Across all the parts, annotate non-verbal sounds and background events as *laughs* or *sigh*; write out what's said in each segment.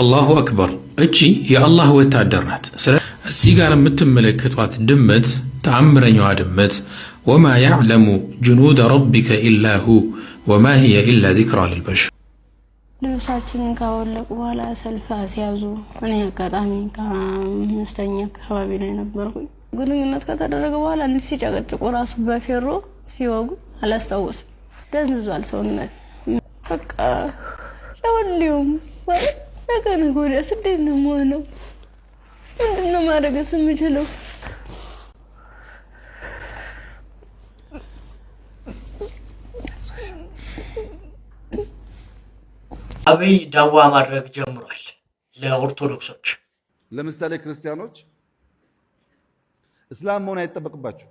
አላሁ አክበር። እቺ የአላህ ወታደር ናት። እዚህ ጋር የምትመለከቷት ድመት ተአምረኛዋ ድመት ወማ ያዕለሙ ጅኑደ ረቢከ ኢላ ሁ ወማ ሂየ ኢላ ዚክራ ልልበሽር። ልብሳችንን ካወለቁ በኋላ ሰልፍ ሲያዙ እኔ አጋጣሚ ከአምስተኛ አካባቢ ነው የነበርኩኝ። ግንኙነት ከተደረገ በኋላ እንዲህ ሲጨቀጭቁ ራሱ በፌሮ ሲወጉ አላስታውስም። ደንዝዟል ሰውነት በቃ ለሁሉም ከነገ ወዲያ ስደት ነው የምሆነው። ምንድን ነው ማድረግስ የምችለው? አብይ ዳዋ ማድረግ ጀምሯል ለኦርቶዶክሶች። ለምሳሌ ክርስቲያኖች እስላም መሆን አይጠበቅባቸው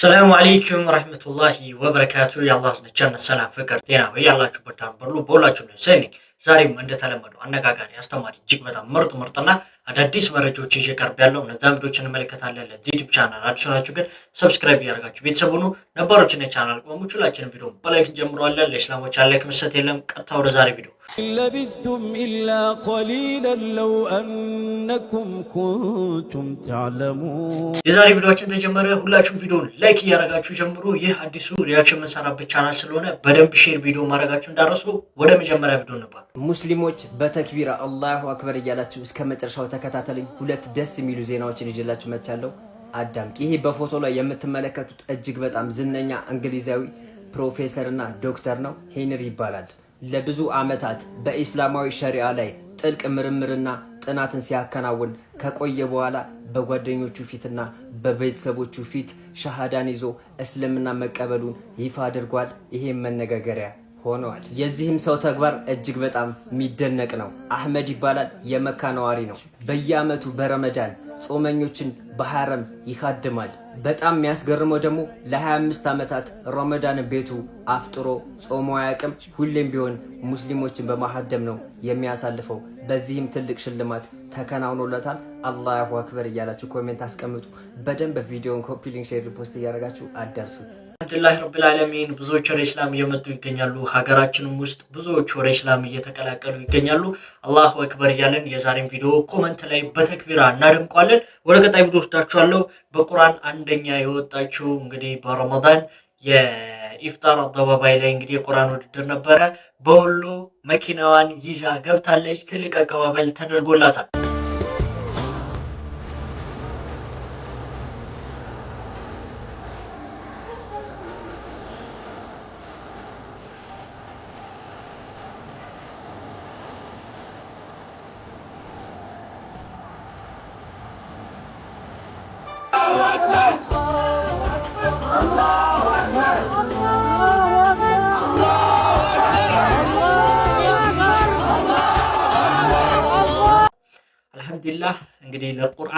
ሰላሙ አሌይኩም ረህመቱላሂ ወበረካቱ። የአላህ ነቻነት ሰላም፣ ፍቅር፣ ጤና በያላችሁበት ዳር በሉ በሁላችሁ ነው። ሰኒ ዛሬም እንደተለመደው አነጋጋሪ፣ አስተማሪ እጅግ በጣም ምርጥ ምርጥና አዳዲስ መረጃዎች ይዤ ቀርብ ያለው እነዛ ቪዲዮች እንመለከታለን። ለዚህ ዩቲብ ቻናል አዲስ ሆናችሁ ግን ሰብስክራይብ እያደረጋችሁ ቤተሰብ ሁኑ። ነባሮችን የቻናል ቅመሞች ሁላችንም ቪዲዮ በላይክ እንጀምረዋለን። ለእስላሞች አለክ ምሰት የለም። ቀጥታ ወደ ዛሬ ቪዲዮ ለቢስቱም ኢላ ቀሊለን ለው አነኩም ኩንቱም ተዕለሙን። የዛሬ ቪዲዮችን ተጀመረ። ሁላችሁም ቪዲዮን ላይክ እያደረጋችሁ ጀምሮ ይህ አዲሱ ሪያክሽን የምንሰራበት ቻናል ስለሆነ በደንብ ሼር ቪዲዮ ማድረጋችሁ እንዳረሱ። ወደ መጀመሪያ ቪዲዮ ነበር። ሙስሊሞች በተክቢራ አላሁ አክበር እያላችሁ እስከ መጨረሻው ተከታተለኝ። ሁለት ደስ የሚሉ ዜናዎችን ይዤላችሁ መጥቻለሁ። አዳም ይሄ በፎቶ ላይ የምትመለከቱት እጅግ በጣም ዝነኛ እንግሊዛዊ ፕሮፌሰርና ዶክተር ነው። ሄንሪ ይባላል። ለብዙ ዓመታት በኢስላማዊ ሸሪዓ ላይ ጥልቅ ምርምርና ጥናትን ሲያከናውን ከቆየ በኋላ በጓደኞቹ ፊትና በቤተሰቦቹ ፊት ሻሃዳን ይዞ እስልምና መቀበሉን ይፋ አድርጓል። ይሄም መነጋገሪያ ሆነዋል። የዚህም ሰው ተግባር እጅግ በጣም የሚደነቅ ነው። አህመድ ይባላል። የመካ ነዋሪ ነው። በየዓመቱ በረመዳን ጾመኞችን በሐረም ይካድማል። በጣም የሚያስገርመው ደግሞ ለ25 ዓመታት ረመዳን ቤቱ አፍጥሮ ጾሞ አያውቅም። ሁሌም ቢሆን ሙስሊሞችን በማሀደም ነው የሚያሳልፈው። በዚህም ትልቅ ሽልማት ተከናውኖለታል። አላሁ አክበር እያላችሁ ኮሜንት አስቀምጡ። በደንብ ቪዲዮን ኮፒ ሊንክ፣ ሼር፣ ፖስት እያደረጋችሁ አደርሱት። አልሐምዱሊላህ ረብል ዓለሚን ብዙዎች ወደ ኢስላም እየመጡ ይገኛሉ። ሀገራችንም ውስጥ ብዙዎች ወደ ኢስላም እየተቀላቀሉ ይገኛሉ። አላሁ አክበር እያለን የዛሬን ቪዲዮ ኮመንት ላይ በተክቢራ እናደምቋለን። ወደ ቀጣይ ቪዲዮ ወስዳችኋለሁ። በቁርአን አንደኛ የወጣችው እንግዲህ በረመዳን የኢፍጣር አደባባይ ላይ እንግዲህ የቁርአን ውድድር ነበረ። በወሎ መኪናዋን ይዛ ገብታለች። ትልቅ አቀባበል ተደርጎላታል።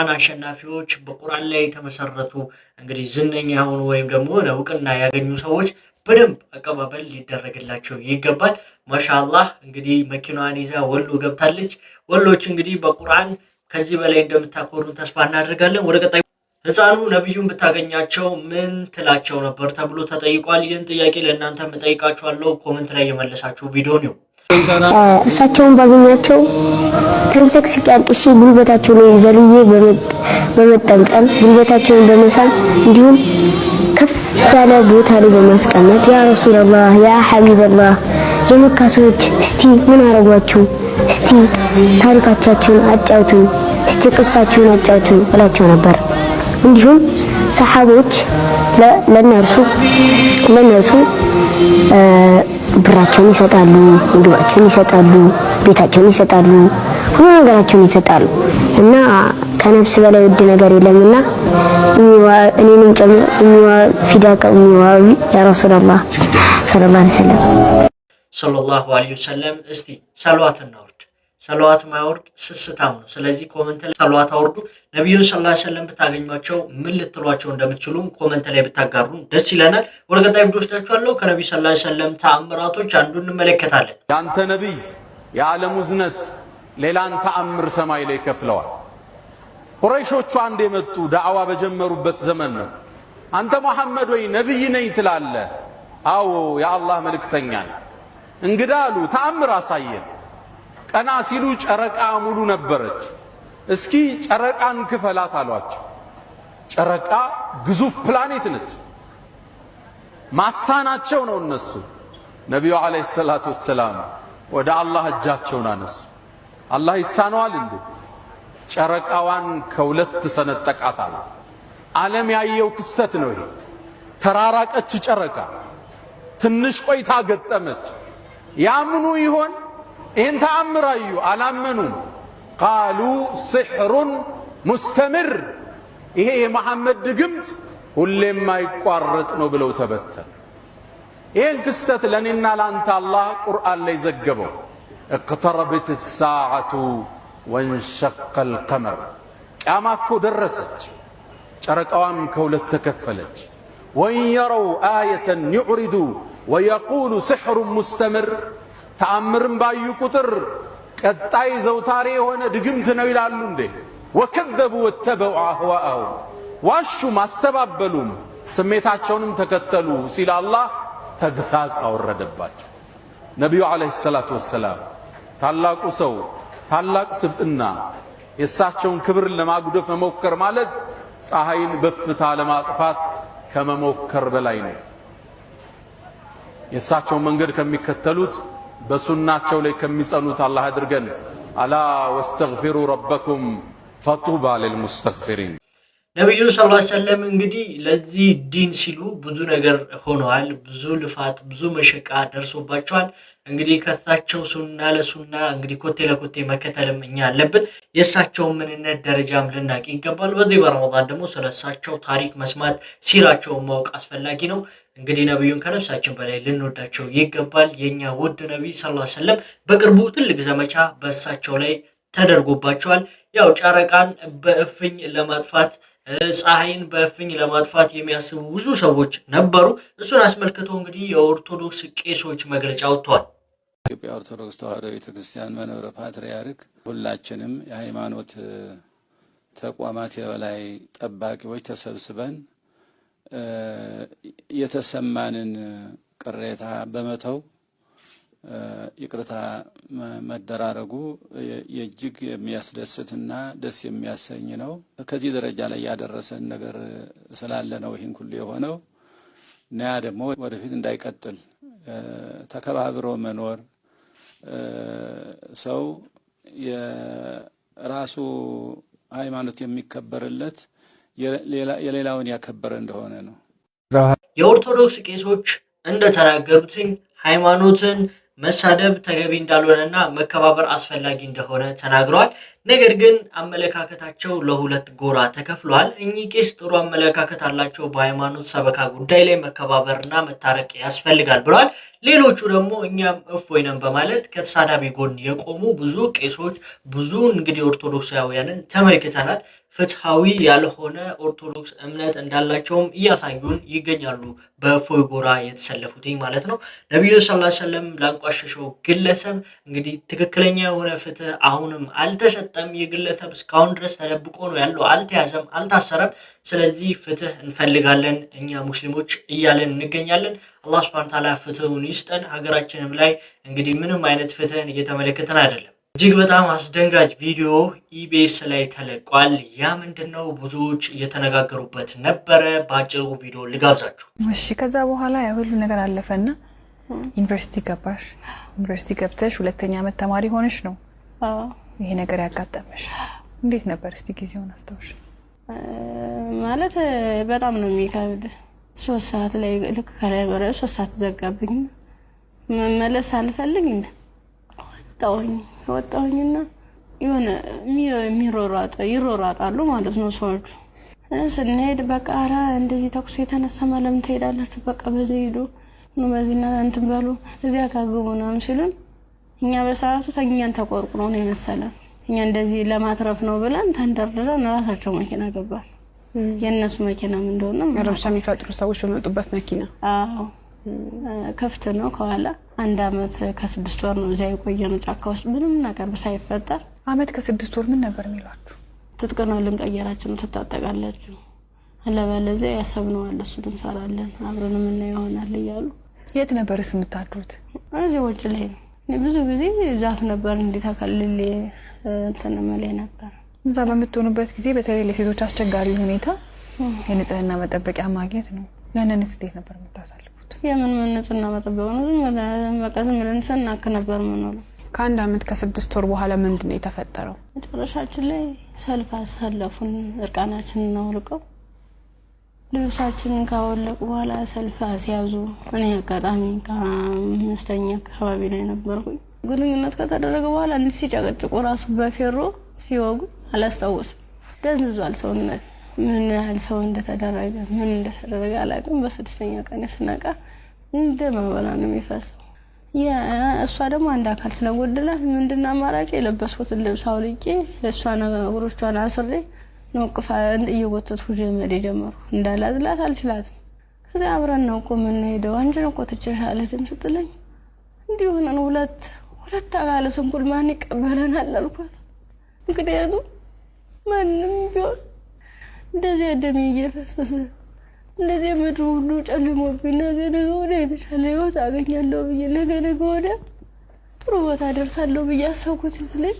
ቁርአን አሸናፊዎች በቁርአን ላይ የተመሰረቱ እንግዲህ ዝነኛ የሆኑ ወይም ደግሞ እውቅና ያገኙ ሰዎች በደንብ አቀባበል ሊደረግላቸው ይገባል። ማሻአላህ እንግዲህ መኪናዋን ይዛ ወሎ ገብታለች። ወሎች እንግዲህ በቁርአን ከዚህ በላይ እንደምታኮሩን ተስፋ እናደርጋለን። ወደ ቀጣይ ህፃኑ ነቢዩን ብታገኛቸው ምን ትላቸው ነበር ተብሎ ተጠይቋል። ይህን ጥያቄ ለእናንተ የምጠይቃችኋለሁ። ኮመንት ላይ የመለሳችሁ ቪዲዮ ነው። እሳቸውን ባገኛቸው ተንሰቅ ሲቃቅሽ ጉልበታቸው ላይ ዘልዬ በመጠምጠም ጉልበታቸውን በመሳብ እንዲሁም ከፍ ያለ ቦታ ላይ በማስቀመጥ ያ ረሱላላህ ያ ሐቢበላህ የመካ ሰዎች እስቲ ምን አረጓችሁ? እስቲ ታሪካቻችሁን አጫውቱን፣ እስቲ ቅሳችሁን አጫውቱን እላቸው ነበር። እንዲሁም ሰሓቦች ለነርሱ ለነርሱ ብራቸውን ይሰጣሉ፣ ምግባቸውን ይሰጣሉ፣ ቤታቸውን ይሰጣሉ፣ ሁሉ ነገራቸውን ይሰጣሉ እና ከነፍስ በላይ ውድ ነገር የለምና እኔንም ጨምሮ እሚዋ ፊዳከ እሚዋ ያ ረሱላላህ ሰለላሁ ዐለይሂ ወሰለም ሰለላሁ ዐለይሂ ወሰለም። እስቲ ሰሏት እናውራ ሰለዋት ማያወርድ ስስታም ነው። ስለዚህ ኮመንት ላይ ሰለዋት አውርዱ። ነቢዩን ሰለላሁ ዐለይሂ ወሰለም ብታገኟቸው ምን ልትሏቸው እንደምትችሉም ኮመንት ላይ ብታጋሩን ደስ ይለናል። ወደ ቀጣይ ቪዲዮ ወስዳችኋለሁ። ከነቢዩ ሰለላሁ ዐለይሂ ወሰለም ተአምራቶች አንዱ እንመለከታለን። የአንተ ነቢይ የዓለም ዝነት ሌላን ተአምር ሰማይ ላይ ከፍለዋል። ቁረይሾቹ አንድ የመጡ ዳዕዋ በጀመሩበት ዘመን ነው። አንተ መሐመድ ወይ ነቢይ ነኝ ትላለህ? አዎ የአላህ መልእክተኛ ነኝ። እንግዳ አሉ። ተአምር አሳየን ቀና ሲሉ ጨረቃ ሙሉ ነበረች። እስኪ ጨረቃን ክፈላት አሏቸው። ጨረቃ ግዙፍ ፕላኔት ነች። ማሳናቸው ነው እነሱ። ነቢዩ ዓለይሂ ሰላቱ ወሰላም ወደ አላህ እጃቸውን አነሱ። አላህ ይሳነዋል እንዴ? ጨረቃዋን ከሁለት አለ። ዓለም ያየው ክስተት ነው ይሄ። ተራራቀች ጨረቃ፣ ትንሽ ቆይታ ገጠመች። ያምኑ ይሆን ይህን ተአምር አዩ፣ አላመኑም። ቃሉ ስሕሩን ሙስተምር፣ ይሄ የመሐመድ ድግምት ሁሌም የማይቋረጥ ነው ብለው ተበተን። ይህን ክስተት ለእኔና ለአንተ አላህ ቁርአን ላይ ዘገበው። እቅተረብት ሳዓቱ ወንሸቀ ልቀመር፣ ቅያማ እኮ ደረሰች፣ ጨረቃዋም ከሁለት ተከፈለች። ወእን የረው አየተን ዩዕሪዱ ወየቁሉ ስሕሩን ሙስተምር ተአምርን ባዩ ቁጥር ቀጣይ ዘውታሬ የሆነ ድግምት ነው ይላሉ። እንዴ ወከዘቡ ወተበው አህዋአው ዋሹም አስተባበሉም ስሜታቸውንም ተከተሉ ሲል አላህ ተግሳጽ አወረደባቸው። ነቢዩ ዓለይሂ ሰላቱ ወሰላም ታላቁ ሰው ታላቅ ስብዕና የእሳቸውን ክብር ለማጉደፍ መሞከር ማለት ፀሐይን በፍታ ለማጥፋት ከመሞከር በላይ ነው። የእሳቸውን መንገድ ከሚከተሉት በሱናቸው ላይ ከሚጸኑት አላህ አድርገን። አላ ወስተግፊሩ ረበኩም ፈጡባ ልልሙስተግፊሪን። ነቢዩ ስ ሰለም እንግዲህ ለዚህ ዲን ሲሉ ብዙ ነገር ሆነዋል። ብዙ ልፋት፣ ብዙ መሸቃ ደርሶባቸዋል። እንግዲህ ከሳቸው ሱና ለሱና እንግዲህ ኮቴ ለኮቴ መከተልም እኛ አለብን። የእሳቸውን ምንነት ደረጃም ልናቅ ይገባል። በዚህ በረመዳን ደግሞ ስለእሳቸው ታሪክ መስማት፣ ሲራቸውን ማወቅ አስፈላጊ ነው። እንግዲህ ነቢዩን ከነፍሳችን በላይ ልንወዳቸው ይገባል። የእኛ ውድ ነቢይ ሰለላሁ ዐለይሂ ወሰለም በቅርቡ ትልቅ ዘመቻ በእሳቸው ላይ ተደርጎባቸዋል። ያው ጨረቃን በእፍኝ ለማጥፋት ፀሐይን በእፍኝ ለማጥፋት የሚያስቡ ብዙ ሰዎች ነበሩ። እሱን አስመልክቶ እንግዲህ የኦርቶዶክስ ቄሶች መግለጫ ወጥተዋል። ኢትዮጵያ ኦርቶዶክስ ተዋሕዶ ቤተክርስቲያን መንበረ ፓትርያርክ ሁላችንም የሃይማኖት ተቋማት የበላይ ጠባቂዎች ተሰብስበን የተሰማንን ቅሬታ በመተው ይቅርታ መደራረጉ እጅግ የሚያስደስትና ደስ የሚያሰኝ ነው። ከዚህ ደረጃ ላይ ያደረሰን ነገር ስላለ ነው ይህን ሁሉ የሆነው እና ያ ደግሞ ወደፊት እንዳይቀጥል ተከባብሮ መኖር ሰው የራሱ ሃይማኖት የሚከበርለት የሌላውን ያከበረ እንደሆነ ነው። የኦርቶዶክስ ቄሶች እንደተናገሩትኝ ሃይማኖትን መሳደብ ተገቢ እንዳልሆነና መከባበር አስፈላጊ እንደሆነ ተናግረዋል። ነገር ግን አመለካከታቸው ለሁለት ጎራ ተከፍሏል። እኚህ ቄስ ጥሩ አመለካከት አላቸው፣ በሃይማኖት ሰበካ ጉዳይ ላይ መከባበርና መታረቅ ያስፈልጋል ብለዋል። ሌሎቹ ደግሞ እኛም እፎይ ነን በማለት ከተሳዳቢ ጎን የቆሙ ብዙ ቄሶች ብዙ እንግዲህ ኦርቶዶክሳውያንን ተመልክተናል። ፍትሐዊ ያልሆነ ኦርቶዶክስ እምነት እንዳላቸውም እያሳዩን ይገኛሉ። በእፎይ ጎራ የተሰለፉትኝ ማለት ነው። ነቢዩ ስላ ሰለም ላንቋሸሸው ግለሰብ እንግዲህ ትክክለኛ የሆነ ፍትህ አሁንም አልተሰጠም። ይህ ግለሰብ እስካሁን ድረስ ተደብቆ ነው ያለው፣ አልተያዘም፣ አልታሰረም። ስለዚህ ፍትህ እንፈልጋለን እኛ ሙስሊሞች እያለን እንገኛለን። አላህ ሱብሃነሁ ወተዓላ ፍትሁን ይስጠን። ሀገራችንም ላይ እንግዲህ ምንም አይነት ፍትህን እየተመለከተን አይደለም። እጅግ በጣም አስደንጋጭ ቪዲዮ ኢቢኤስ ላይ ተለቋል። ያ ምንድነው ብዙዎች እየተነጋገሩበት ነበረ። በአጭሩ ቪዲዮ ልጋብዛችሁ። እሺ፣ ከዛ በኋላ ሁሉ ነገር አለፈና ዩኒቨርሲቲ ገባሽ። ዩኒቨርሲቲ ገብተሽ ሁለተኛ ዓመት ተማሪ ሆነሽ ነው ይሄ ነገር ያጋጠመሽ። እንዴት ነበር እስቲ ጊዜውን አስታውሽ? ማለት በጣም ነው የሚከብድ። ሶስት ሰዓት ላይ ልክ ከላይ ሶስት ሰዓት ዘጋብኝ መመለስ አልፈልግ ወጣሁኝ ወጣሁኝና የሆነ የሚሮራጠ ይሮራጣሉ ማለት ነው ሰዎቹ። ስንሄድ በቃ ኧረ እንደዚህ ተኩስ የተነሳ ለምን ትሄዳላችሁ? በቃ በዚህ ሂዱ በዚህና እንትን በሉ እዚያ ካግቡ ምናምን ሲሉን እኛ በሰዓቱ ተኛን ተቆርቁ ነው የመሰለን እኛ እንደዚህ ለማትረፍ ነው ብለን ተንደርድረን ራሳቸው መኪና ገባል። የእነሱ መኪናም እንደሆነ ረብሻ የሚፈጥሩ ሰዎች በመጡበት መኪና አዎ ክፍት ነው ከኋላ አንድ አመት ከስድስት ወር ነው እዚያ የቆየ ነው ጫካ ውስጥ ምንም ነገር ሳይፈጠር አመት ከስድስት ወር ምን ነበር የሚሏችሁ ትጥቅ ነው ልንቀየራችሁ ነው ትታጠቃላችሁ አለበለዚያ ያሰብነው አለ እሱን እንሰራለን አብረን የምና ይሆናል እያሉ የት ነበርስ የምታድሩት እዚህ ውጭ ላይ ነው ብዙ ጊዜ ዛፍ ነበር እንዴት አካልል እንትን መላይ ነበር እዛ በምትሆኑበት ጊዜ በተለይ ለሴቶች አስቸጋሪ ሁኔታ የንጽህና መጠበቂያ ማግኘት ነው ያንን እንዴት ነበር የምታሳልፉ የምን ምን ንጽህና መጠበቅ ነው? በቃ ዝም ብለን ስናክ ነበር ምንሉ። ከአንድ አመት ከስድስት ወር በኋላ ምንድን ነው የተፈጠረው? መጨረሻችን ላይ ሰልፍ አሳለፉን። እርቃናችን እናውልቀው ልብሳችንን ካወለቁ በኋላ ሰልፍ ሲያዙ፣ እኔ አጋጣሚ ከአምስተኛ አካባቢ ላይ ነበርኩኝ። ግንኙነት ከተደረገ በኋላ እንዲህ ሲጨቀጭቁ ራሱ በፌሮ ሲወጉ አላስታወስም። ደንዝዟል ሰውነት ምን ያህል ሰው እንደተደረገ ምን እንደተደረገ አላውቅም። በስድስተኛ ቀን ስነቃ እንደ ማበላ ነው የሚፈሰው። እሷ ደግሞ አንድ አካል ስለጎደላት ምንድን አማራጭ የለበስኩትን ልብስ አውልቄ እሷን እግሮቿን አስሬ ነቅፋ እየጎተትኩ ጀመድ የጀመሩ እንዳላዝላት አልችላትም። ከዚያ አብረን ነው እኮ የምንሄደው አንቺን እኮ ትችሻለ ድም ስትለኝ እንዲሆነን ሁለት ሁለት አካለ ስንኩል ማን ይቀበለናል አልኳት። ምክንያቱም ማንም ቢሆን እንደዚህ ደሜ እየፈሰሰ እንደዚህ ምድሩ ሁሉ ጨልሞብኝ ነገ ነገ ወደ የተሻለ ህይወት አገኛለሁ ብዬ ነገ ነገ ወደ ጥሩ ቦታ ደርሳለሁ ብዬ አሰብኩት ስልል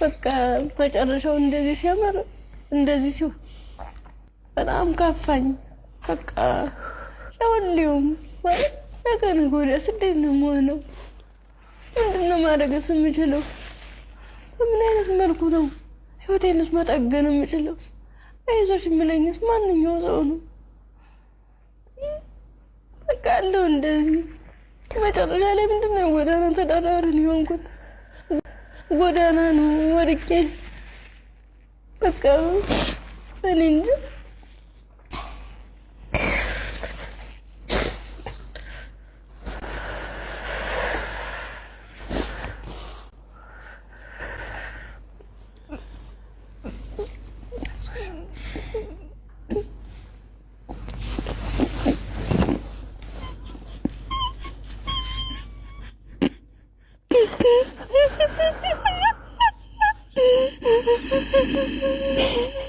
በቃ መጨረሻው እንደዚህ ሲያምር እንደዚህ ሲሆን በጣም ከፋኝ። በቃ ለወሊውም ማለት ነገ ነገ ወደ ስደት ነው የምሆነው። ምንድን ነው ማድረግስ የምችለው? በምን አይነት መልኩ ነው ህይወቴንስ መጠገን የምችለው? አይዞሽ የሚለኝስ ማንኛው ሰው ነው? በቃ አለው እንደዚህ። መጨረሻ ላይ ምንድን ነው ጎዳና ተዳዳሪን የሆንኩት ጎዳና ነው ወድቄ በቃ እኔ እንጂ Thank *laughs* you.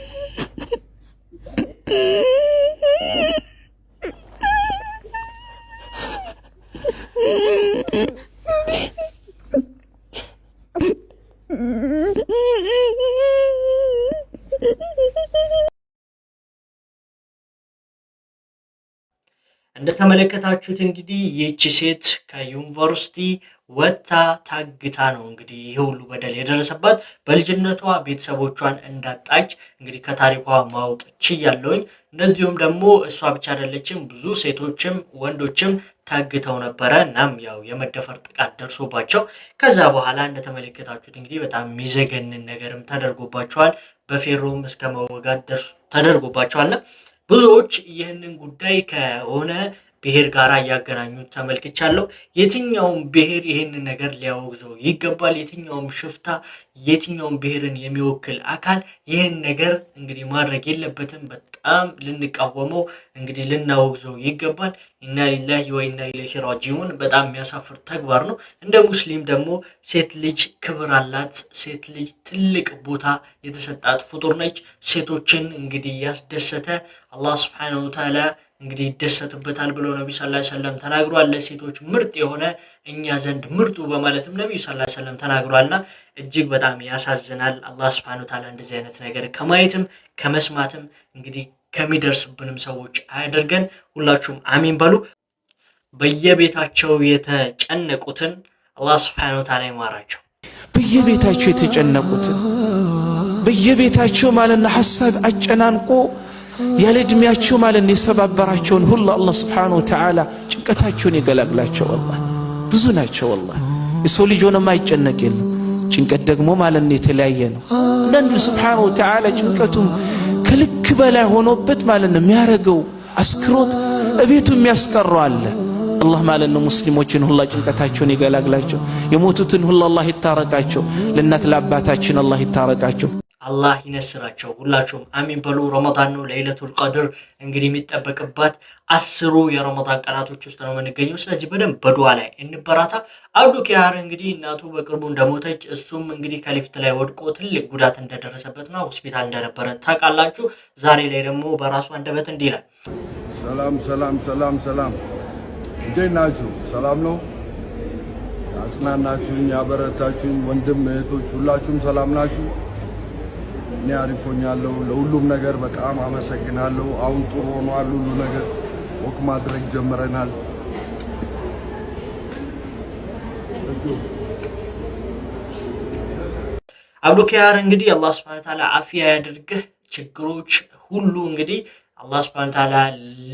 እንደተመለከታችሁት እንግዲህ ይህቺ ሴት ከዩኒቨርሲቲ ወጥታ ታግታ ነው እንግዲህ ይህ ሁሉ በደል የደረሰባት። በልጅነቷ ቤተሰቦቿን እንዳጣች እንግዲህ ከታሪኳ ማወቅ ችያለሁኝ። እንደዚሁም ደግሞ እሷ ብቻ አይደለችም፣ ብዙ ሴቶችም ወንዶችም ታግተው ነበረ። እናም ያው የመደፈር ጥቃት ደርሶባቸው ከዛ በኋላ እንደተመለከታችሁት እንግዲህ በጣም የሚዘገንን ነገርም ተደርጎባቸዋል። በፌሮም እስከ መወጋት ደርሶ ብዙዎች ይህንን ጉዳይ ከሆነ ብሔር ጋር እያገናኙ ተመልክቻለሁ። የትኛውም ብሔር ይህን ነገር ሊያወግዘው ይገባል። የትኛውም ሽፍታ፣ የትኛውም ብሔርን የሚወክል አካል ይህን ነገር እንግዲህ ማድረግ የለበትም። በጣም ልንቃወመው እንግዲህ ልናወግዘው ይገባል። ኢና ሊላሂ ወኢና ኢለይሂ ራጂዑን በጣም የሚያሳፍር ተግባር ነው። እንደ ሙስሊም ደግሞ ሴት ልጅ ክብር አላት። ሴት ልጅ ትልቅ ቦታ የተሰጣት ፍጡር ነች። ሴቶችን እንግዲህ ያስደሰተ አላህ ስብሐነሁ ወተዓላ እንግዲህ ይደሰትበታል ብሎ ነቢ ስ ሰለም ተናግሯል። ለሴቶች ምርጥ የሆነ እኛ ዘንድ ምርጡ በማለትም ነቢዩ ስ ሰለም ተናግሯልና እጅግ በጣም ያሳዝናል። አላህ ሱብሐነሁ ወተዓላ እንደዚህ አይነት ነገር ከማየትም ከመስማትም እንግዲህ ከሚደርስብንም ሰዎች አያደርገን። ሁላችሁም አሚን በሉ። በየቤታቸው የተጨነቁትን አላህ ሱብሐነሁ ወተዓላ ይማራቸው። በየቤታቸው የተጨነቁትን በየቤታቸው ማለት ሀሳብ አጨናንቆ ያለ እድሜያቸው ማለት ነው የሰባበራቸውን ሁሉ አላህ ስብሓነሁ ወተዓላ ጭንቀታቸውን ይገላግላቸው። ወላሂ ብዙ ናቸው። ወላሂ የሰው ልጅ ሆነ ማይጨነቅ የለም። ጭንቀት ደግሞ ማለት ነው የተለያየ ነው። አንዳንዱ ስብሓነሁ ወተዓላ ጭንቀቱም ከልክ በላይ ሆኖበት ማለት ነው የሚያረገው አስክሮት እቤቱ የሚያስቀረው አለ። አላህ ማለት ነው ሙስሊሞችን ሁላ ጭንቀታቸውን ይገላግላቸው። የሞቱትን ሁላ አላህ ይታረቃቸው። ለእናት ለአባታችን አላህ ይታረቃቸው። አላህ ይነስራቸው። ሁላችሁም አሚን በሉ። ረመዳን ነው ለይለቱል ቀድር እንግዲህ የሚጠበቅባት አስሩ የረመዳን ቀናቶች ውስጥ ነው የምንገኘው። ስለዚህ በደንብ በዱዓ ላይ እንበራታ። አብዱ ኪያር እንግዲህ እናቱ በቅርቡ እንደሞተች እሱም እንግዲህ ከሊፍት ላይ ወድቆ ትልቅ ጉዳት እንደደረሰበትና ሆስፒታል እንደነበረ ታውቃላችሁ። ዛሬ ላይ ደግሞ በራሱ አንደበት እንዲህ ይላል። ሰላም ሰላም ሰላም ሰላም፣ እንዴት ናችሁ? ሰላም ነው። አጽናናችሁኝ፣ ያበረታችሁኝ ወንድም እህቶች ሁላችሁም ሰላም ናችሁ? እኔ አሪፍ ለሁሉም ነገር በጣም አመሰግናለሁ። አሁን ጥሩ ሆኗል ሁሉ ነገር። ወክ ማድረግ ጀምረናል። አብዱኪያር እንግዲህ አላህ ስብሐ ወተዓላ አፍያ ያድርግህ። ችግሮች ሁሉ እንግዲህ አላህ ስብሐነ ወተዓላ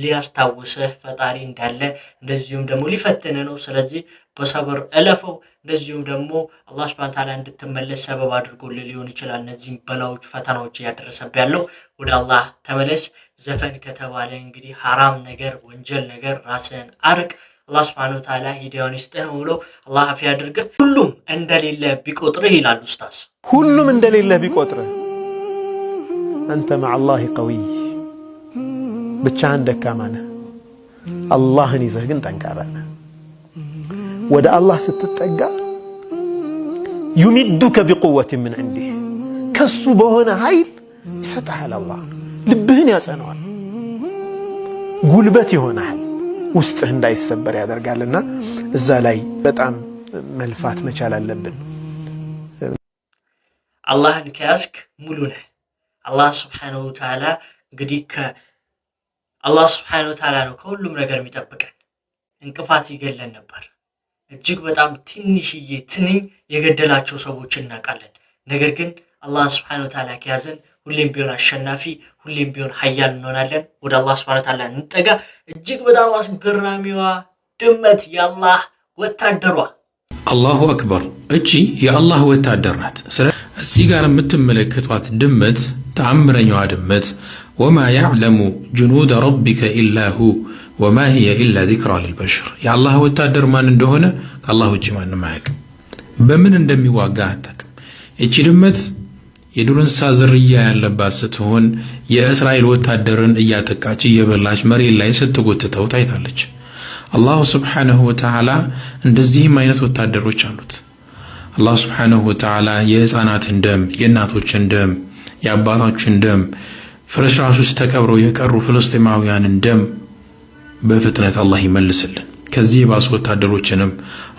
ሊያስታውስህ ፈጣሪ እንዳለ እንደዚሁም ደግሞ ሊፈትን ነው። ስለዚህ በሰብር እለፈው። እንደዚሁም ደግሞ አላህ ስብሐነ ወተዓላ እንድትመለስ ሰበብ አድርጎልህ ሊሆን ይችላል። እነዚህም በላዎች ፈተናዎች እያደረሰብህ ያለው ወደ አላህ ተመለስ። ዘፈን ከተባለ እንግዲህ ሐራም ነገር ወንጀል ነገር ራስህን አርቅ። አላህ ስብሐነ ወተዓላ ሂዳያን ይስጥህ ብሎ አላህ አፍ ያድርግህ። ሁሉም እንደሌለ ቢቆጥርህ ይላል ኡስታዝ፣ ሁሉም እንደሌለ ቢቆጥርህ አንተ መዐ ቀዊይ ብቻህን ደካማ ነህ። አላህን ይዘህ ግን ጠንካራ ነህ። ወደ አላህ ስትጠጋ ዩሚዱከ ቢቁወት ምን ዐንዲህ ከሱ በሆነ ኃይል ይሰጠሃል። አላህ ልብህን ያጸነዋል፣ ጉልበት ይሆናል፣ ውስጥህ እንዳይሰበር ያደርጋልና እዛ ላይ በጣም መልፋት መቻል አለብን። አላህን ከያዝክ ሙሉ ነህ። አላህ ስብሓነሁ ወተዓላ እንግዲህ አላህ ስብሓነ ወተዓላ ነው ከሁሉም ነገር የሚጠብቀን። እንቅፋት ይገለን ነበር። እጅግ በጣም ትንሽዬ ትንኝ የገደላቸው ሰዎች እናውቃለን። ነገር ግን አላህ ስብሓነ ወተዓላ ከያዘን ሁሌም ቢሆን አሸናፊ፣ ሁሌም ቢሆን ሀያል እንሆናለን። ወደ አላህ ስብሓነ ወተዓላ እንጠጋ። እጅግ በጣም አስገራሚዋ ድመት የአላህ ወታደሯ አላሁ አክበር። እቺ የአላህ ወታደር ናት። እዚህ ጋር የምትመለከቷት ድመት ተአምረኛዋ ድመት ወማ ያዕለሙ ጅኑደ ረቢከ ኢላ ሁ ወማ ሂየ ኢላ ዚክራ ልልበሽር የአላህ ወታደር ማን እንደሆነ ከአላህ ውጭ ማንም አያውቅም። በምን እንደሚዋጋ አታውቅም። እቺ ድመት የዱር እንስሳ ዝርያ ያለባት ስትሆን የእስራኤል ወታደርን እያጠቃች እየበላች መሬት ላይ ስትጎትተው ታይታለች። አላሁ ስብሓነሁ ወተዓላ እንደዚህም አይነት ወታደሮች አሉት። አላሁ ስብሓነሁ ወተዓላ የሕፃናትን ደም፣ የእናቶችን ደም፣ የአባቶችን ደም ፍርስራሽ ውስጥ ተቀብረው የቀሩ ፍልስጤማውያንን ደም በፍጥነት አላህ ይመልስልን። ከዚህ የባሱ ወታደሮችንም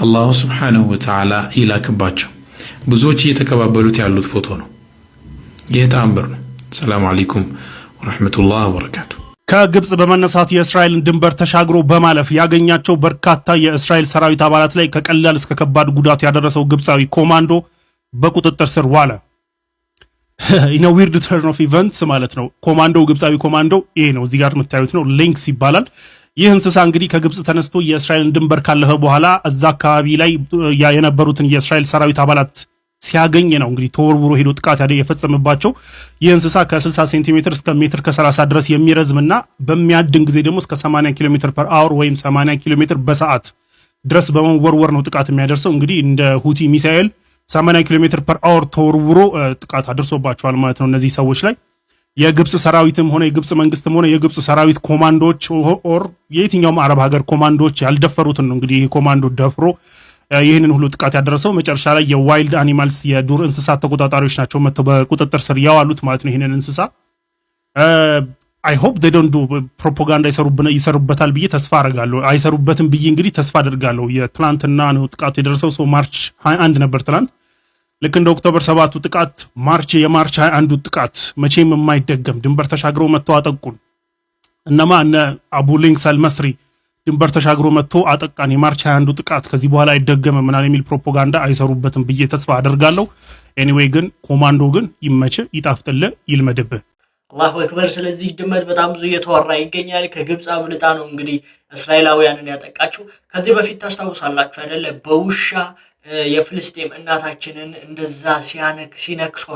አላሁ ስብሓነሁ ወተዓላ ይላክባቸው። ብዙዎች እየተቀባበሉት ያሉት ፎቶ ነው። ይህ ተአምር ነው። ሰላሙ አለይኩም ወረሕመቱላህ ወበረካቱ። ከግብፅ በመነሳት የእስራኤልን ድንበር ተሻግሮ በማለፍ ያገኛቸው በርካታ የእስራኤል ሰራዊት አባላት ላይ ከቀላል እስከ ከባድ ጉዳት ያደረሰው ግብፃዊ ኮማንዶ በቁጥጥር ስር ዋለ። ነው ዊርድ ተርን ኦፍ ኢቨንትስ ማለት ነው። ኮማንዶ ግብፃዊ ኮማንዶ ይሄ ነው እዚህ ጋር የምታዩት ነው። ሊንክስ ይባላል። ይህ እንስሳ እንግዲህ ከግብፅ ተነስቶ የእስራኤልን ድንበር ካለፈ በኋላ እዛ አካባቢ ላይ የነበሩትን የእስራኤል ሰራዊት አባላት ሲያገኝ ነው እንግዲህ ተወርውሮ ሄዶ ጥቃት ያደ የፈጸመባቸው ይህ እንስሳ ከ60 ሴንቲሜትር እስከ ሜትር ከ30 ድረስ የሚረዝምና በሚያድን ጊዜ ደግሞ እስከ 80 ኪሎ ሜትር ፐር አወር ወይም 80 ኪሎ ሜትር በሰዓት ድረስ በመወርወር ነው ጥቃት የሚያደርሰው እንግዲህ እንደ ሁቲ ሚሳኤል 80 ኪሎ ሜትር ፐር አወር ተወርውሮ ጥቃት አድርሶባቸዋል ማለት ነው እነዚህ ሰዎች ላይ የግብፅ ሰራዊትም ሆነ የግብፅ መንግስትም ሆነ የግብፅ ሰራዊት ኮማንዶዎች ኦር የየትኛውም አረብ ሀገር ኮማንዶዎች ያልደፈሩትን ነው እንግዲህ ኮማንዶ ደፍሮ ይህንን ሁሉ ጥቃት ያደረሰው። መጨረሻ ላይ የዋይልድ አኒማልስ የዱር እንስሳት ተቆጣጣሪዎች ናቸው መጥተው በቁጥጥር ስር ያዋሉት ማለት ነው ይህንን እንስሳ አይ ሆፕ ዴ ዶንት ዱ ፕሮፓጋንዳ ይሰሩበታል ብዬ ተስፋ አደርጋለሁ። አይሰሩበትም ብዬ እንግዲህ ተስፋ አደርጋለሁ። የትላንትና ነው ጥቃቱ የደረሰው። ሰው ማርች 21 ነበር ትላንት። ልክ እንደ ኦክቶበር ሰባቱ ጥቃት ማርች የማርች 21 ጥቃት መቼም የማይደገም ድንበር ተሻግሮ መጥቶ አጠቁን። እነማ እነ አቡ ሊንክ ሰልመስሪ ድንበር ተሻግሮ መጥቶ አጠቃን። የማርች 21 ጥቃት ከዚህ በኋላ አይደገም ምናምን የሚል ፕሮፓጋንዳ አይሰሩበትም ብዬ ተስፋ አደርጋለሁ። ኤኒዌይ ግን ኮማንዶ ግን ይመችህ፣ ይጣፍጥልህ፣ ይልመድብህ። አላሁ አክበር። ስለዚህ ድመት በጣም ብዙ እየተወራ ይገኛል። ከግብፅ አምልጣ ነው እንግዲህ እስራኤላውያንን ያጠቃችው። ከዚህ በፊት ታስታውሳላችሁ አይደለ? በውሻ የፍልስጤም እናታችንን እንደዛ ሲያነክ ሲነክሶ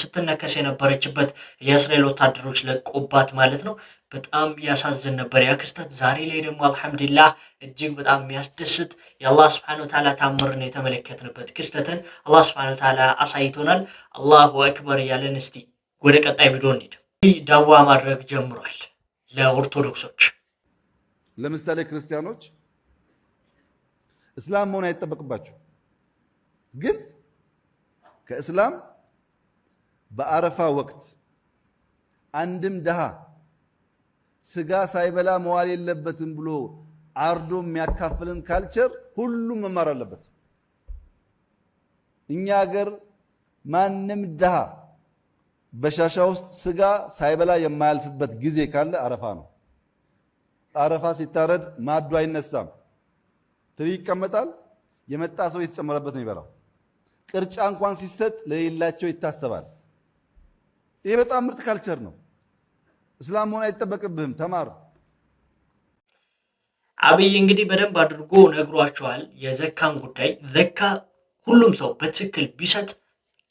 ስትነከስ የነበረችበት የእስራኤል ወታደሮች ለቆባት ማለት ነው። በጣም ያሳዝን ነበር ያ ክስተት። ዛሬ ላይ ደግሞ አልሐምዱሊላህ እጅግ በጣም የሚያስደስት የአላህ ስብሐነሁ ወተዓላ ታምርን የተመለከትንበት ክስተትን አላህ ስብሐነሁ ወተዓላ አሳይቶናል። አላሁ አክበር እያለን እስቲ ወደ ቀጣይ ቪዲዮ እንሂድ። ዳዋ ማድረግ ጀምሯል ለኦርቶዶክሶች። ለምሳሌ ክርስቲያኖች እስላም መሆን አይጠበቅባቸው፣ ግን ከእስላም በአረፋ ወቅት አንድም ድሃ ስጋ ሳይበላ መዋል የለበትም ብሎ አርዶ የሚያካፍልን ካልቸር ሁሉም መማር አለበት። እኛ ሀገር ማንም ድሃ በሻሻ ውስጥ ስጋ ሳይበላ የማያልፍበት ጊዜ ካለ አረፋ ነው። አረፋ ሲታረድ ማዱ አይነሳም። ትሪ ይቀመጣል። የመጣ ሰው የተጨመረበት ነው ይበላው። ቅርጫ እንኳን ሲሰጥ ለሌላቸው ይታሰባል። ይህ በጣም ምርጥ ካልቸር ነው። እስላም መሆን አይጠበቅብህም። ተማር። አብይ እንግዲህ በደንብ አድርጎ ነግሯቸዋል የዘካን ጉዳይ። ዘካ ሁሉም ሰው በትክክል ቢሰጥ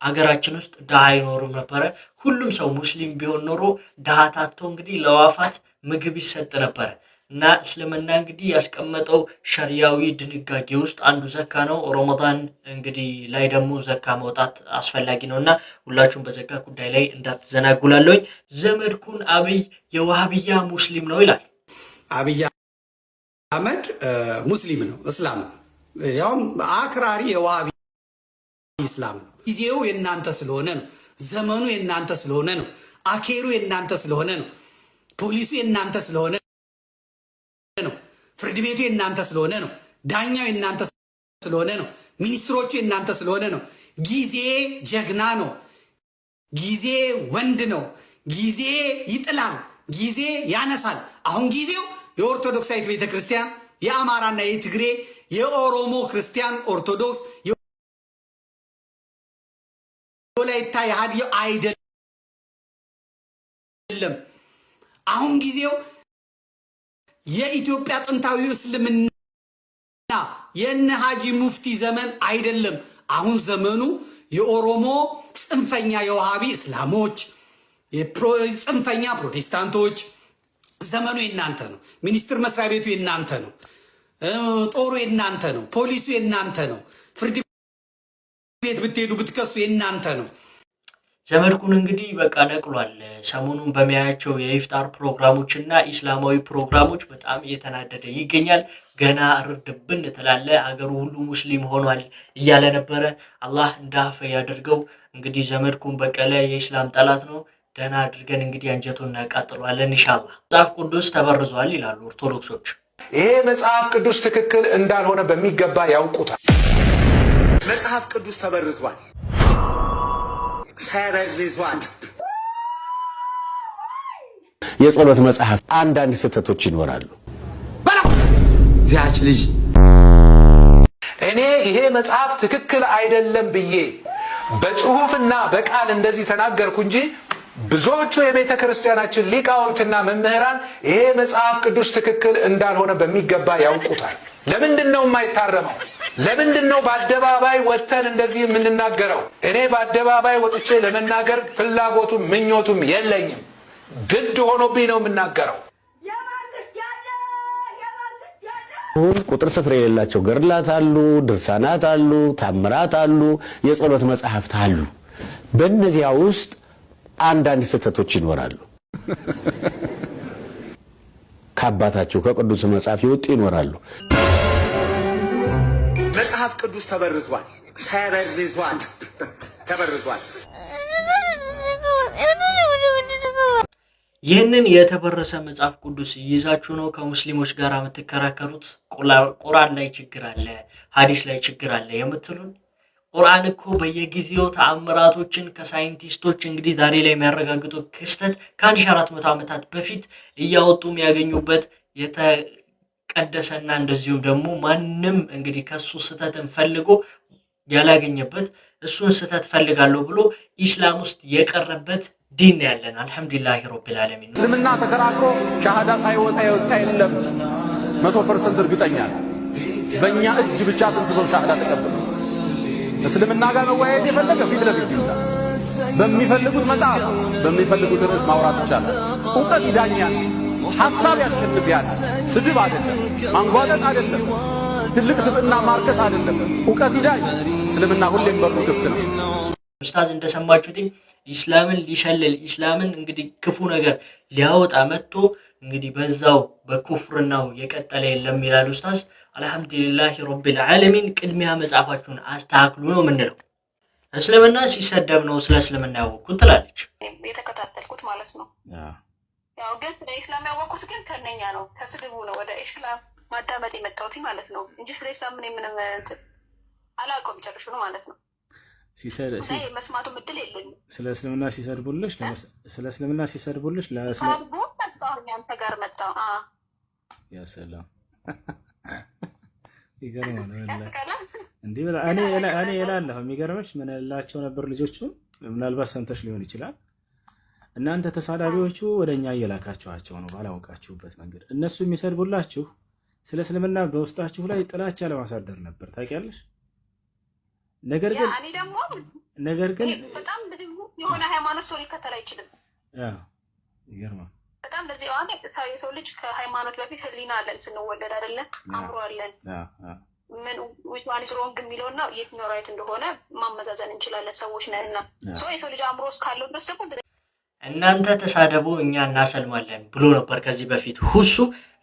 አገራችን ውስጥ ድሃ አይኖርም ነበረ። ሁሉም ሰው ሙስሊም ቢሆን ኖሮ ድሃ ታቶ እንግዲህ ለዋፋት ምግብ ይሰጥ ነበረ እና እስልምና እንግዲህ ያስቀመጠው ሸሪያዊ ድንጋጌ ውስጥ አንዱ ዘካ ነው። ረመዳን እንግዲህ ላይ ደግሞ ዘካ መውጣት አስፈላጊ ነው እና ሁላችሁም በዘካ ጉዳይ ላይ እንዳትዘናጉላለኝ። ዘመድኩን አብይ የዋህብያ ሙስሊም ነው ይላል። አብይ አህመድ ሙስሊም ነው፣ እስላም ያውም አክራሪ የዋህብያ ኢስላም ነው። ጊዜው የእናንተ ስለሆነ ነው። ዘመኑ የእናንተ ስለሆነ ነው። አኬሩ የእናንተ ስለሆነ ነው። ፖሊሱ የእናንተ ስለሆነ ነው። ፍርድ ቤቱ የእናንተ ስለሆነ ነው። ዳኛው የእናንተ ስለሆነ ነው። ሚኒስትሮቹ የእናንተ ስለሆነ ነው። ጊዜ ጀግና ነው። ጊዜ ወንድ ነው። ጊዜ ይጥላል፣ ጊዜ ያነሳል። አሁን ጊዜው የኦርቶዶክሳዊት ቤተክርስቲያን፣ የአማራና የትግሬ፣ የኦሮሞ ክርስቲያን ኦርቶዶክስ ወላይታ የሀዲያ አይደለም። አሁን ጊዜው የኢትዮጵያ ጥንታዊ እስልምና የነ ሀጂ ሙፍቲ ዘመን አይደለም። አሁን ዘመኑ የኦሮሞ ጽንፈኛ የውሃቢ እስላሞች፣ ጽንፈኛ ፕሮቴስታንቶች ዘመኑ የእናንተ ነው። ሚኒስትር መስሪያ ቤቱ የእናንተ ነው። ጦሩ የእናንተ ነው። ፖሊሱ የእናንተ ነው። ፍርድ ቤት ብትሄዱ ብትከሱ የእናንተ ነው። ዘመድኩን እንግዲህ በቃ ነቅሏል። ሰሞኑን በሚያያቸው የኢፍጣር ፕሮግራሞች እና ኢስላማዊ ፕሮግራሞች በጣም እየተናደደ ይገኛል። ገና ርድብን ትላለ አገሩ ሁሉ ሙስሊም ሆኗል እያለ ነበረ። አላህ እንዳፈ ያደርገው። እንግዲህ ዘመድኩን በቀለ የኢስላም ጠላት ነው። ደህና አድርገን እንግዲህ አንጀቱን እናቃጥሏለን ኢንሻላ። መጽሐፍ ቅዱስ ተበርዟል ይላሉ ኦርቶዶክሶች። ይሄ መጽሐፍ ቅዱስ ትክክል እንዳልሆነ በሚገባ ያውቁታል። መጽሐፍ ቅዱስ ተበርዟል፣ ተበርዟል። የጸሎት መጽሐፍ አንዳንድ ስህተቶች ይኖራሉ። ዚያች ልጅ እኔ ይሄ መጽሐፍ ትክክል አይደለም ብዬ በጽሁፍና በቃል እንደዚህ ተናገርኩ እንጂ ብዙዎቹ የቤተ ክርስቲያናችን ሊቃውንትና መምህራን ይሄ መጽሐፍ ቅዱስ ትክክል እንዳልሆነ በሚገባ ያውቁታል። ለምንድን ነው የማይታረመው? ለምንድን ነው በአደባባይ ወጥተን እንደዚህ የምንናገረው? እኔ በአደባባይ ወጥቼ ለመናገር ፍላጎቱም ምኞቱም የለኝም። ግድ ሆኖብኝ ነው የምናገረው። ቁጥር ስፍር የሌላቸው ገድላት አሉ፣ ድርሳናት አሉ፣ ታምራት አሉ፣ የጸሎት መጽሐፍት አሉ። በእነዚያ ውስጥ አንዳንድ ስህተቶች ይኖራሉ። ከአባታችሁ ከቅዱስ መጽሐፍ ይወጡ ይኖራሉ። መጽሐፍ ቅዱስ ተበርዟል፣ ተበርዟል፣ ተበርዟል። ይህንን የተበረሰ መጽሐፍ ቅዱስ ይዛችሁ ነው ከሙስሊሞች ጋር የምትከራከሩት? ቁርአን ላይ ችግር አለ፣ ሀዲስ ላይ ችግር አለ የምትሉን? ቁርአን እኮ በየጊዜው ተአምራቶችን ከሳይንቲስቶች እንግዲህ ዛሬ ላይ የሚያረጋግጡ ክስተት ከአንድ ሺህ አራት መቶ ዓመታት በፊት እያወጡ የሚያገኙበት ቀደሰና እንደዚሁም ደግሞ ማንም እንግዲህ ከሱ ስህተትን ፈልጎ ያላገኘበት እሱን ስህተት ፈልጋለሁ ብሎ ኢስላም ውስጥ የቀረበት ዲን ያለን አልሐምዱሊላህ ረቢል ዓለሚን። እስልምና ተከራክሮ ሻሃዳ ሳይወጣ የወጣ የለም። መቶ ፐርሰንት እርግጠኛ በእኛ እጅ ብቻ ስንት ሰው ሻሃዳ ተቀበለ? እስልምና ጋር መወያየት የፈለገ ፊት ለፊት ይላ በሚፈልጉት መጽሐፍ በሚፈልጉት ርዕስ ማውራት ይቻላል። እውቀት ይዳኛል። ሐሳብ ያሸንፍ ያለ ስድብ አይደለም፣ ማንጓጠጥ አይደለም፣ ትልቅ ስብና ማርከስ አይደለም። እውቀት ይዳኝ። እስልምና ሁሌም በሩ ክፍት ነው። ኡስታዝ እንደሰማችሁትኝ ኢስላምን ሊሸልል ኢስላምን እንግዲህ ክፉ ነገር ሊያወጣ መጥቶ እንግዲህ በዛው በኩፍርናው የቀጠለ የለም ይላል ኡስታዝ። አልሐምዱሊላህ ረቢል ዓለሚን። ቅድሚያ መጽሐፋችሁን አስተካክሉ ነው የምንለው። እስልምና ሲሰደብ ነው ስለ እስልምና ያወቅኩት ትላለች የተከታተልኩት ማለት ነው። ያው ግን ስለ ኢስላም ያወቅኩት ግን ከነኛ ነው ከስድቡ ነው ወደ ኢስላም ማዳመጥ የመጣሁት ማለት ነው እንጂ ስለ ኢስላም ምን ምንም አላውቀውም ጨርሹ ነው ማለት ነው። መስማቱም ምድል የለኝም። ስለ እስልምና ሲሰድቡልሽ ስለ እስልምና ሲሰድቡልሽ ለስድቡ መጣሁ አንተ ጋር መጣው ያሰላም ሰላም *laughs* ይገርማል። እኔ እላለሁ የሚገርመች ምንላቸው ነበር ልጆቹ ምናልባት ሰምተሽ ሊሆን ይችላል እናንተ ተሳዳቢዎቹ ወደ እኛ እየላካችኋቸው ነው ባላወቃችሁበት መንገድ። እነሱ የሚሰድቡላችሁ ስለ እስልምና በውስጣችሁ ላይ ጥላቻ ለማሳደር ነበር ታውቂያለሽ። ነገር ግን ነገር ግን በጣም የሆነ ሃይማኖት ሰው ሊከተል አይችልም። ይገርማል። በጣም ለዚህ ዋን የሰው ልጅ ከሃይማኖት በፊት ህሊና አለን። ስንወለድ አይደለን አምሮ አለን። ምን ዋን ሮንግ የሚለው እና የትኛው ራይት እንደሆነ ማመዛዘን እንችላለን። ሰዎች ነን እና የሰው ልጅ አእምሮ እስካለው ድረስ ደግሞ እናንተ ተሳደቡ እኛ እናሰልማለን ብሎ ነበር ከዚህ በፊት ሁሱ።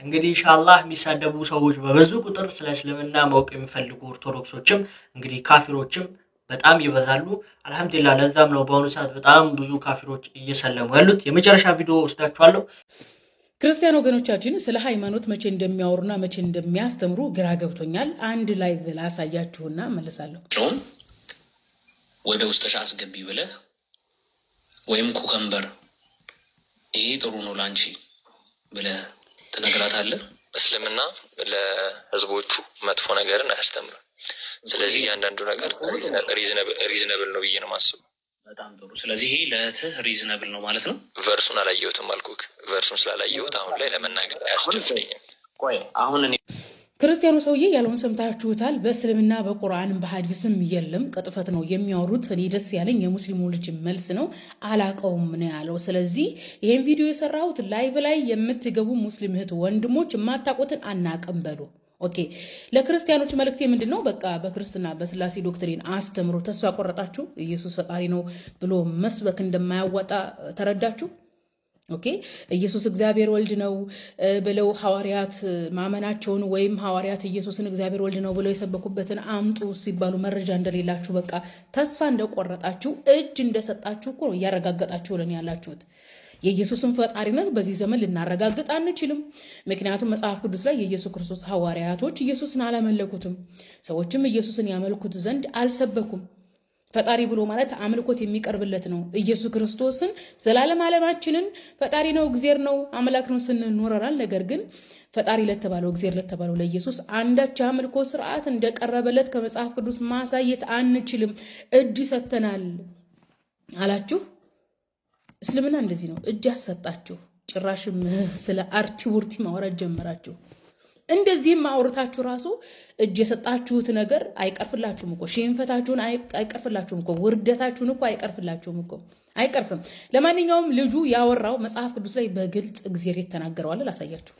እንግዲህ ኢንሻአላህ የሚሳደቡ ሰዎች በብዙ ቁጥር ስለ እስልምና ማወቅ የሚፈልጉ ኦርቶዶክሶችም እንግዲህ ካፊሮችም በጣም ይበዛሉ። አልሐምዱሊላ ለዛም ነው በአሁኑ ሰዓት በጣም ብዙ ካፊሮች እየሰለሙ ያሉት። የመጨረሻ ቪዲዮ ወስዳችኋለሁ። ክርስቲያን ወገኖቻችን ስለ ሃይማኖት መቼ እንደሚያወሩና መቼ እንደሚያስተምሩ ግራ ገብቶኛል። አንድ ላይ ላሳያችሁና መለሳለሁ። ወደ ውስጥሽ አስገቢ ብለህ ወይም ኩከምበር ይሄ ጥሩ ነው ለአንቺ ብለህ ትነግራታለህ። እስልምና ለህዝቦቹ መጥፎ ነገርን አያስተምርም። ስለዚህ እያንዳንዱ ነገር ሪዝነብል ነው ብዬ ነው የማስበው። በጣም ጥሩ። ስለዚህ ይሄ ለእህትህ ሪዝነብል ነው ማለት ነው። ቨርሱን አላየሁትም አልኩህ። ቨርሱን ስላላየሁት አሁን ላይ ለመናገር አያስደፍረኝም። ቆይ አሁን እኔ ክርስቲያኑ ሰውዬ ያለውን ሰምታችሁታል። በእስልምና በቁርአንም በሀዲስም የለም ቅጥፈት ነው የሚያወሩት። እኔ ደስ ያለኝ የሙስሊሙ ልጅ መልስ ነው። አላቀውም ነው ያለው። ስለዚህ ይህን ቪዲዮ የሰራሁት ላይቭ ላይ የምትገቡ ሙስሊም እህት ወንድሞች የማታውቁትን አናቅም በሉ። ኦኬ ለክርስቲያኖች መልእክቴ ምንድን ነው? በቃ በክርስትና በስላሴ ዶክትሪን አስተምሮ ተስፋ ቆረጣችሁ። ኢየሱስ ፈጣሪ ነው ብሎ መስበክ እንደማያዋጣ ተረዳችሁ። ኦኬ ኢየሱስ እግዚአብሔር ወልድ ነው ብለው ሐዋርያት ማመናቸውን ወይም ሐዋርያት ኢየሱስን እግዚአብሔር ወልድ ነው ብለው የሰበኩበትን አምጡ ሲባሉ መረጃ እንደሌላችሁ በቃ ተስፋ እንደቆረጣችሁ እጅ እንደሰጣችሁ እኮ እያረጋገጣችሁ ለን ያላችሁት የኢየሱስን ፈጣሪነት በዚህ ዘመን ልናረጋግጥ አንችልም። ምክንያቱም መጽሐፍ ቅዱስ ላይ የኢየሱስ ክርስቶስ ሐዋርያቶች ኢየሱስን አላመለኩትም፣ ሰዎችም ኢየሱስን ያመልኩት ዘንድ አልሰበኩም። ፈጣሪ ብሎ ማለት አምልኮት የሚቀርብለት ነው። ኢየሱስ ክርስቶስን ዘላለም ዓለማችንን ፈጣሪ ነው፣ እግዜር ነው፣ አምላክ ነው ስንል ኖረናል። ነገር ግን ፈጣሪ ለተባለው እግዜር ለተባለው ለኢየሱስ አንዳች አምልኮ ስርዓት እንደቀረበለት ከመጽሐፍ ቅዱስ ማሳየት አንችልም። እጅ ሰጥተናል አላችሁ። እስልምና እንደዚህ ነው። እጅ አሰጣችሁ፣ ጭራሽም ስለ አርቲ ውርቲ ማውራት ጀመራችሁ። እንደዚህም አውርታችሁ ራሱ እጅ የሰጣችሁት ነገር አይቀርፍላችሁም እኮ ሽንፈታችሁን አይቀርፍላችሁም እኮ ውርደታችሁን እኮ አይቀርፍላችሁም እኮ አይቀርፍም። ለማንኛውም ልጁ ያወራው መጽሐፍ ቅዱስ ላይ በግልጽ እግዚአብሔር ተናገረዋል። ላሳያችሁ።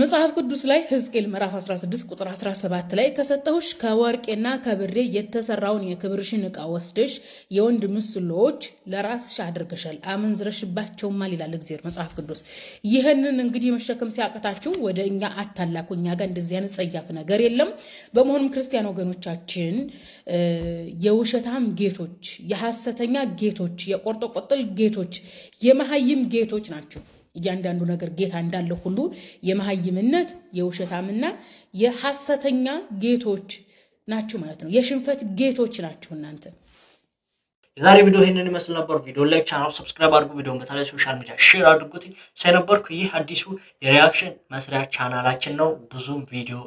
መጽሐፍ ቅዱስ ላይ ሕዝቅኤል ምዕራፍ 16 ቁጥር 17 ላይ ከሰጠሁሽ ከወርቄና ከብሬ የተሰራውን የክብርሽን ዕቃ ወስደሽ የወንድ ምስሎች ለራስሽ አድርገሻል አመንዝረሽባቸውማል ይላል እግዚአብሔር መጽሐፍ ቅዱስ። ይህንን እንግዲህ መሸከም ሲያቀታችሁ ወደ እኛ አታላኩ። እኛ ጋር እንደዚህ አይነት ጸያፍ ነገር የለም። በመሆኑም ክርስቲያን ወገኖቻችን የውሸታም ጌቶች፣ የሐሰተኛ ጌቶች፣ የቆርጦቆጥል ጌቶች፣ የመሀይም ጌቶች ናቸው። እያንዳንዱ ነገር ጌታ እንዳለ ሁሉ የመሀይምነት የውሸታምና የሐሰተኛ ጌቶች ናችሁ ማለት ነው። የሽንፈት ጌቶች ናችሁ እናንተ። የዛሬ ቪዲዮ ይህንን ይመስል ነበር። ቪዲዮ ላይክ፣ ቻናል ሰብስክራይብ አድርጉ። ቪዲዮን በተለያዩ ሶሻል ሚዲያ ሼር አድርጉት። ሳይነበርኩ ይህ አዲሱ የሪያክሽን መስሪያ ቻናላችን ነው። ብዙም ቪዲዮ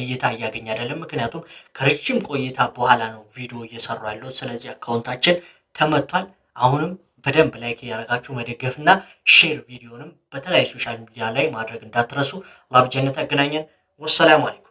እይታ እያገኝ አይደለም፣ ምክንያቱም ከረጅም ቆይታ በኋላ ነው ቪዲዮ እየሰሩ ያለው። ስለዚህ አካውንታችን ተመቷል። አሁንም በደንብ ላይክ እያደረጋችሁ መደገፍ እና ሼር ቪዲዮንም በተለያዩ ሶሻል ሚዲያ ላይ ማድረግ እንዳትረሱ። ላብጀነት ያገናኘን። ወሰላሙ አለይኩም።